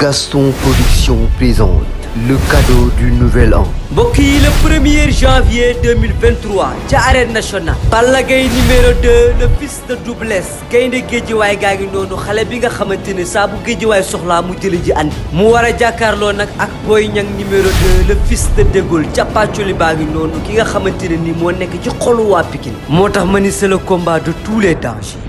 Gaston Production présente le cadeau du nouvel an. mbokk yi la premier janvier 2023 ca arène nationale. Balla Gaye numéro 2 le fils de Double Less gaynde géejiwaay gaa ngi noonu xale bi nga xamante ne saa bu géejiwaay soxlaa mu jëli ji andi. mu war a jàkkaarloo nag ak Boy Niang numéro 2 le fils de Dégol cappaacoli baa ngi noonu ki nga xamante ne ni moo nekk ci xolu waa Pikine. moo tax ma ni c'est le combat de tous les dangers.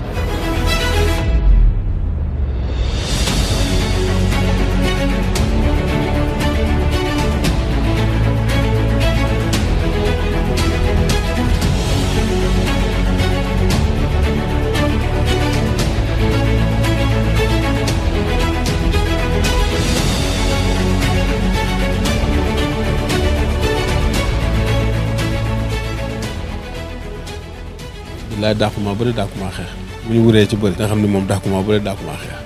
Abdoulaye dàquma bëri dàquma xeex bu ñu wuree ci bëri nga xam ne moom dàquma bëri dàquma xeex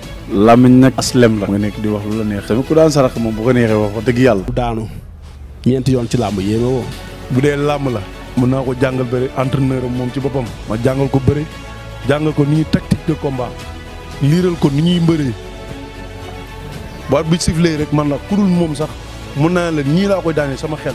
làmmiñ nag aslem la nga nekk di wax lu la neex tamit ku daan sarax moom bu ko neexee wax dëgg yàlla daanu ñeenti yoon ci làmb yéeme woo bu dee làmb la mën naa ko jàngal bëri entraîneur am moom ci boppam ma jàngal ko bëri jàngal ko ni ñuy tactique de combat liiral ko ni ñuy mbëree ba bi siflee rek man la ku moom sax mën naa la ñii laa koy daane sama xel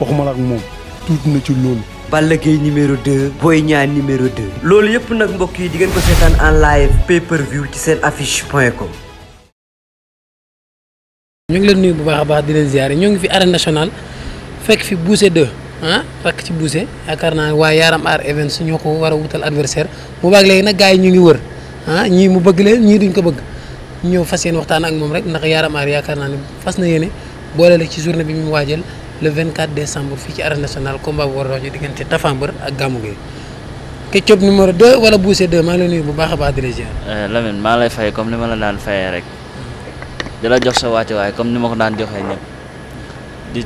waxuma la ak moom tuuti na ci loolu Balla Gaye numéro 2 Boy Niang numéro 2 loolu yëpp nag mbokk yi di ngeen ko seetaan en live pay per view ci seen affiche point com ñu ngi leen nuyu bu baax a baax di leen ziare ñoo ngi fi arène nationale fekk fi Boucher 2 ah rakk ci Boucher yaakaar naa waaye Yaram Art Events ñoo ko war a wutal adversaire mu baag léegi nag gars yi ñu ngi wër ah ñii mu bëgg leen ñii duñ ko bëgg ñëw fas yéene waxtaan ak moom rek ndax Yaram Art yaakaar naa ne fas na yéene boole la le 24 décembre fii ci arène nationale combat bu war a dox ci diggante Tapha Mbeur ak Gamou gi Ketchup numéro 2 wala Boucher 2 maa ngi lay nuyu bu baax a baax di la ziar. Eh, maa lay fay comme ni ma la daan fayee rek di la jox sa waati waaye comme ni ma ko daan joxee ñëpp di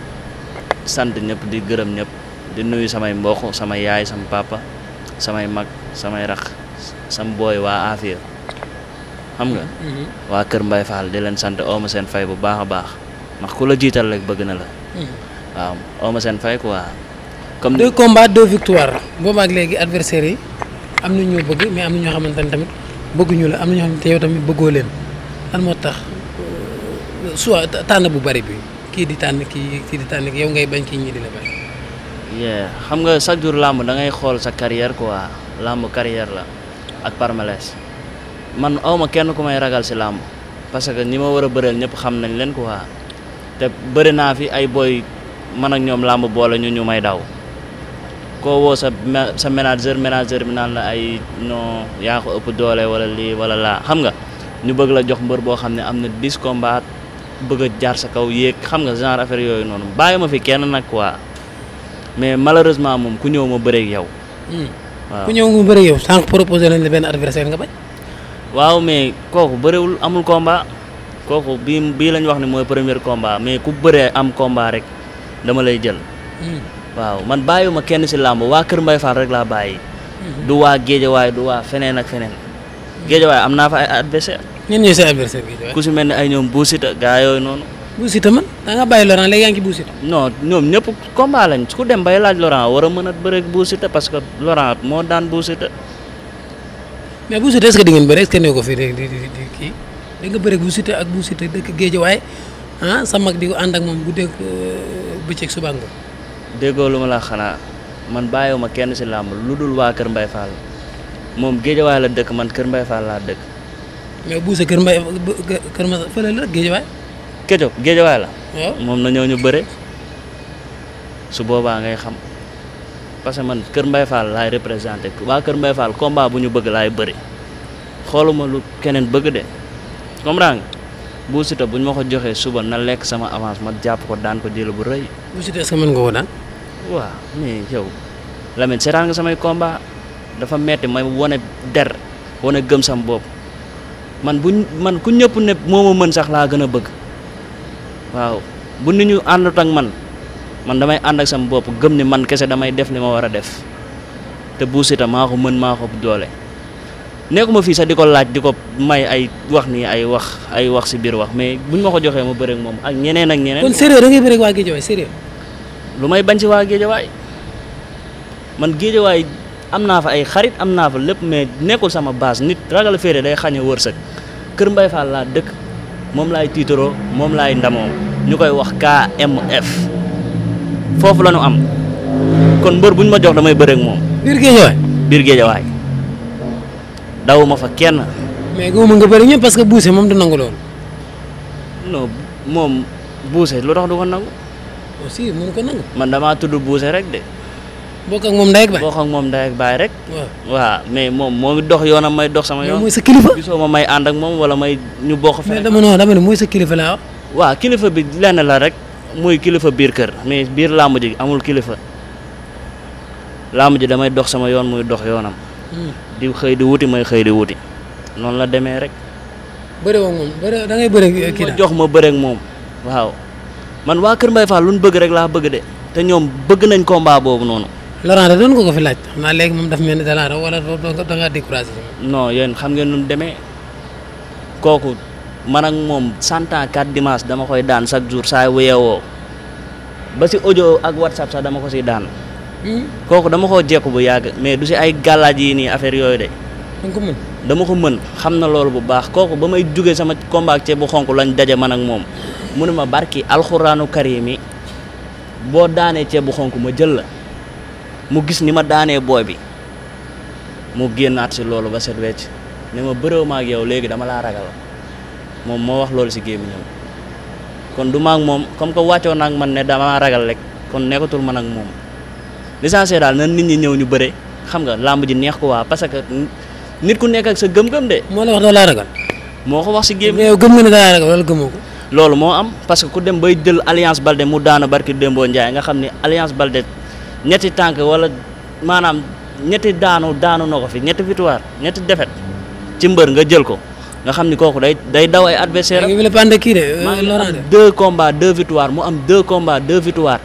sant ñëpp di gërëm ñëpp di nuyu samay mbokk sama yaay sama papa samay mag samay rax sama booy waa Afia xam nga. Mm-hmm. waa Kër Mbaye Fall di leen sant ooma seen fay bu baax a baax ndax jiital rek bëgg na la. Mm-hmm. waaw aw ma seen fay quoi. comme deux combats deux victoires boobu ak léegi adversaires yi am na ñoo bëgg mais am na ñoo xamante ne tamit bëgguñu la am na ñoo xamante yow tamit bëggoo leen lan moo tax euh, soit tànn bu bari bi kii di tànn kii kii di tànn yow ngay bañ kii ñi di la bañ. yeah xam nga chaque jour làmb da ngay xool sa carrière quoi làmb carrière la ak parmelès man awma kenn ku may ragal si làmb parce que ni ma war a bëreel ñëpp xam nañ leen quoi te bëri naa fi ay boy. man ak ñoom làmb boole ñu ñu may daw koo woo sa sa manager bi naan la ay non yaa ëpp doole wala lii wala laa xam nga ñu bëgg la jox mbër boo xam ne am na 10 combat bëgg a jaar sa kaw yéeg xam nga genre affaire yooyu noonu bàyyi ma fi kenn nag quoi mais malheureusement moom ku ñëw ma bëreeg yow. Hmm. waaw ku ñëw ma bëreeg yow sànq proposé nañ la benn adversaire nga bañ. waaw mais kooku bëriwul amul combat kooku bii bii lañ wax ne mooy premier combat ku bëree am combat dama lay jël. Hmm. waaw man bàyyiwuma kenn si làmb waa Kër Mbaye Fall rek laa bàyyi. Hmm. du waa waaye du waa feneen ak feneen. Hmm. Géejawaay am naa fa ay adversaire. ñun ñooy say adversaire Géejawaay. ku si mel ne ay ñoom Boussita gaa yooyu noonu. Boussita man da nga bàyyi Laurent léegi yaa ngi ci Boussita. non ñoom ñëpp combat lañ ku dem bay laaj Laurent war a mën a bëreeg Boussita parce que Laurent moo daan Boussita. mais Boussita est-ce que di ngeen bëre est-ce que ko fi di da nga bëreeg Boussita ak Boussita dëkk Géejawaay ah sa mag di ko ànd ak moom bu dégg euh, bëccëg suba nga déggoo lu ma laa xanaa man bàyyiwuma kenn si làmb lu dul waa Kër mbay Fall moom géejawaay la dëkk man Kër Mbaye laa dëkk. mais buuse Kër mbay Kër Mbaye fële la géejawaay. Kéjog la. moom na ñëw ñu bëre su boobaa ngay xam parce que man Kër Mbaye Fall laay représenté waa Kër Mbaye Fall combat bu ñu bëgg laay bëri xooluma lu keneen bëgg de comprends nga Bou Siteu bu ñu ma ko joxee suba na lekk sama avance ma jàpp ko daan ko jël bu rëy. Bou Siteu est-ce que mën nga ko daan. waaw yow Lamine seetaan nga samay komba dafa metti may wane der wane gëm sam bopp man bu man ku ñëpp ne moo ma mën sax laa gën a bëgg waaw bu nit ñu àndut man man damay ànd ak sam bopp gëm ni man kese damay def li ma war a def te buusita maa ko mën maa ko doole. nekkuma fii sax di ko laaj di ko may ay wax nii ay wax ay wax si biir wax mais buñ ma ko joxee ma bëreeg moom ak ñeneen ak ñeneen. kon sérieux da ngay bëreeg waa Géejawaay sérieux. lu may bañ si waa Géejawaay man Géejawaay am naa fa ay xarit am naa fa lépp mais nekkul sama baas nit ragal féere day xañe wërsëg Kër Mbaye Fall laa dëkk moom laay tiitaroo moom laay ndamoo ñu koy wax KMF foofu la am kon mbër bu ñu ma jox damay bëreeg moom. biir Géejawaay biir Géejawaay. dawuma fa kenn. mais guuma nga bëri ñëpp parce que buuse moom moom buuse lu tax du ko nangu. aussi man damaa tudd buuse rek de. bokk ak moom ndey ak baay bokk rek. waaw mais moom moo dox yoonam may dox sama yoon. mooy sa kilifa may ànd moom wala may ñu bokk. feneen mais ne mooy sa kilifa laa wax. kilifa bi lenn la rek muy kilifa biir kër mais biir làmb ji amul kilifa làmb ji damay dox sama yoon muy dox yoonam. Hmm. di xëy di wuti mooy xëy di wuti noonu la demee rek. bëre woo moom bëre da ngay bëre kii jox ma bëre moom waaw man waa Kër Mbaye Fall lu ñu bëgg rek laa bëgg de te ñoom bëgg nañ combat boobu noonu. Laurent da doon ko ko fi laaj maa naa léegi moom daf mel ni da wala da ngaa découragé. non xam ngeen nu mu demee kooku man moom cent ans quatre dama koy daan chaque jour saa yu yeewoo ba si audio ak whatsapp sax dama ko si daan. kooku dama koo jekku bu yàgg mais du si ay gàllaaj yi nii affaire yooyu de. dama ko mën xam na loolu bu baax kooku ba may jugee sama combat ceeb bu xonk lañ daje man ak moom mu ne ma barki alxuraanu karim yi boo daanee ceeb bu xonk ma jël la mu gis ni ma daanee booy bi mu génnaat si loolu ba set wecc ne ma bëréew ma ak léegi dama laa ragal moom moo wax loolu si gémmiñam kon du ma moom comme que wàccoo naa ak man ne dama ragal rek kon nekkatul ma ak moom l'essentiel daal na nit ñi ñëw ñu bëre xam nga làmb ji neex ko waa parce que nit ku nekk ak sa gëm-gëm de. moo la wax doo laa ragal. moo ko wax si géem. gëm nga ne daa ragal wala loolu moo am parce que ku dem bay jël alliance Balde mu daana barki Dembo Ndiaye nga xam ne alliance Balde ñetti tànk wala maanaam ñetti daanu daanu na ko fi ñetti victoire ñetti défaite ci mbër nga jël ko nga xam ni kooku day day daw ay adversaire deux combats deux victoire mu am deux combats deux victoire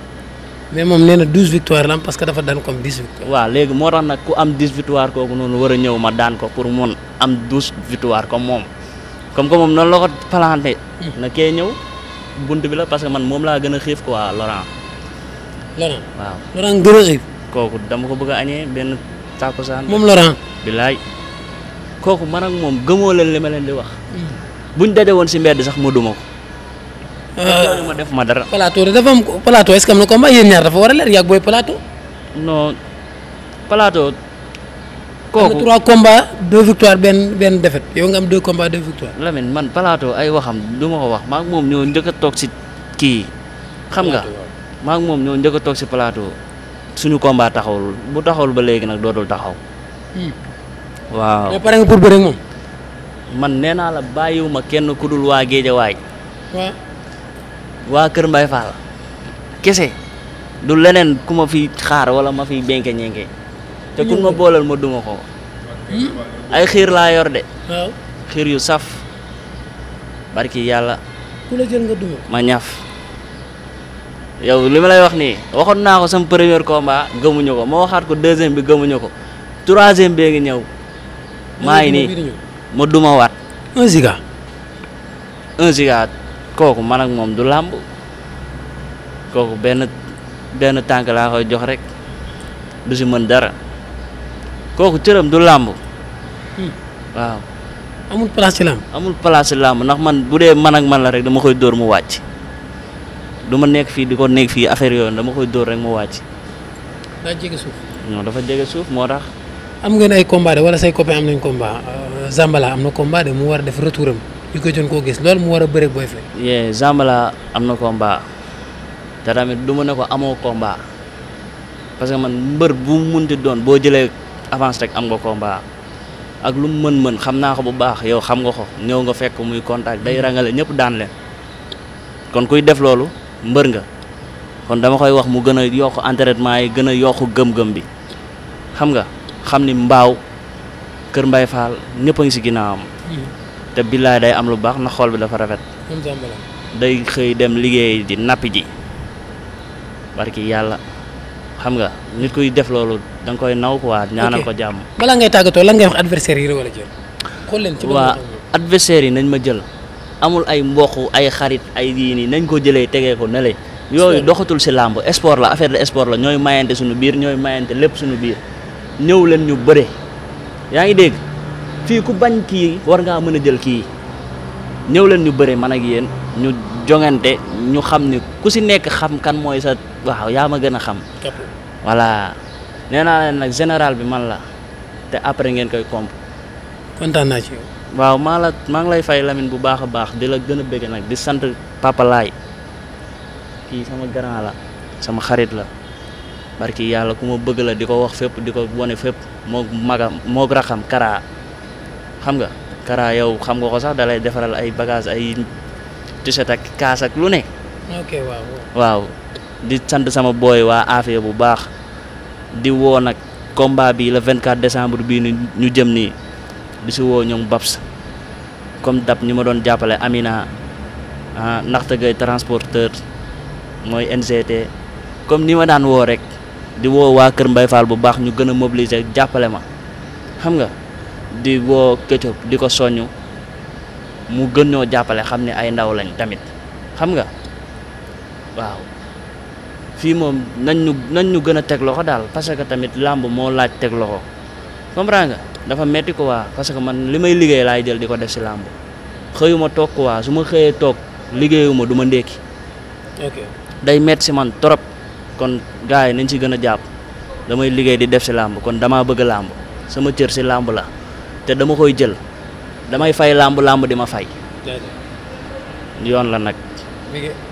mais moom nee na douze victoire la parce que dafa daan comme dix victoire. waaw léegi moo tax nag ku am dix victoire kooku noonu war a ñëw ma daan ko pour mun am douze victoire comme moom comme que moom noonu la ko planté. Hmm. na kee ñëw bunt bi la parce que man moom laa gën a xiif quoi Laurent. Laurent waaw Laurent gën a kooku dama ko bëgg a añee benn tàkkusaan. moom Laurent. bilaay kooku man ak moom gëmoo leen li ma leen di wax. Hmm. buñ daje woon si mbedd sax mu ko. Euh, ma def ma dara. plateau dafa am est-ce que am na combat yéen ñaar dafa war a leer yàgg booy plateau. non plateau. kooku trois combats deux victoires benn benn defet yow nga am deux combats deux victoires. Lamine man plateau ay waxam du ma ko wax maa ngi moom ñoo njëkk a toog si kii xam nga maa moom ñoo njëkk a toog si plateau suñu combat taxawul bu taxawul ba léegi nag dootul taxaw. Hmm. waaw mais pare nga pour bëre moom. man nee naa la bàyyiwuma kenn ku dul waa Géejawaay. waaw. waa Kër Mbaye Fall kese du leneen ku ma fi xaar wala ma fi benke ñenke te ku ma boolal ma duma ko ay xiir laa yor de. waaw xiir yu saf barki yàlla. ku la ma ñaf yow li ma lay wax nii waxoon naa ko sama premier combat gëmuñu ko ma waxaat ko deuxième bi gëmuñu ko troisième bee ñëw. maa ngi nii ma duma waat. un giga. kooku man ak moom du làmb kooku benn benn tànk laa koy jox rek du si mën dara kooku cëram du làmb hmm. waaw amul place ci làmb amul place ci làmb ndax man bu dee man ak man la rek dama koy dóor mu wàcc du ma nekk fii di ko nekk fii affaire yooyu dama koy dóor rek mu wàcc daa jege suuf non dafa jege moo tax am ngeen ay combat de wala say copain am nañ combat euh, Zambala am na combat de mu war a def retouram ñu ko jën koo gis loolu mu war a bëre Boy Faye. yee Zambala am na combat te tamit du ma ne ko amoo combat parce que man mbër bu mu munti doon boo jëlee avance rek am nga combat ak lu mu mën-mën xam naa ko bu baax yow xam nga ko ñëw nga fekk muy contact day mm-hmm. rangale ñëpp daan leen kon kuy def loolu mbër nga kon dama koy wax mu gën a yokk entraînement yi gën a yokk gëm-gëm bi xam nga xam ni mbaaw Kër Mbaye Fall ñëpp a ngi si ginnaawam. Mm-hmm. te billaay day am lu baax na xool bi dafa rafet day xëy dem liggéey di nappi ji barki yàlla xam nga nit kuy def loolu da koy naw quoi ñaanal ko jàmm balaa ngay tàggatoo lan ngay wax adversaire yi wala jël xool leen ci waa adversaire yi nañ ma jël amul ay mboq ay xarit ay yii nii nañ ko jëlee tegee ko ne yooyu doxatul si làmb sport la affaire de sport la ñooy mayante suñu biir ñooy mayante lépp suñu biir ñëw leen ñu bëre yaa ngi dégg fii ku bañ kii war ngaa mën a jël kii ñëw leen ñu bëre man ak yéen ñu jongante ñu xam ni ku si nekk xam kan mooy sa waaw yaa ma gën a xam. voilà nee naa leen nag général bi man la te après ngeen koy comp. kontaan naa ci waaw maa la maa ngi lay fay Lamine bu baax a baax di la gën a bëgg nag di sant papa kii sama grand la sama xarit la barki yàlla ku ma bëgg la di ko wax fépp di ko wone fépp moog magam moog raxam karaa xam nga Kara yow xam nga ko sax dalay defaral ay bagage ay t-shirt ak kaas ak lu ne. ok waaw. di sant sama booy waa affaire bu baax di woo nag combat bi le 24 décembre bii ñu jëm nii di si woo ñoom Babs comme dab ñu ma doon jàppale Amina ah ndaxte gay transporteur mooy NGT comme ni ma daan woo rek di woo waa Kër Mbaye Fall bu baax ñu gën a mobiliser jàppale ma xam nga. di woo Ketchup di ko soññ mu gën ñoo jàppale xam ne ay ndaw lañ tamit xam nga waaw fii moom nañ ñu nañ ñu gën a teg loxo daal parce que tamit làmb moo laaj teg loxo comprends dafa metti ko waa parce que man li may liggéey laay jël di ko def si làmb xëyuma toog ko waa su ma xëyee toog liggéeyuma du ma ndékki day metti si man trop kon gars yi nañ si gën a jàpp damay liggéey di def si làmb kon dama bëgg làmb sama cër si làmb la te dama koy jël damay fay làmb làmb di ma fay yoon la nag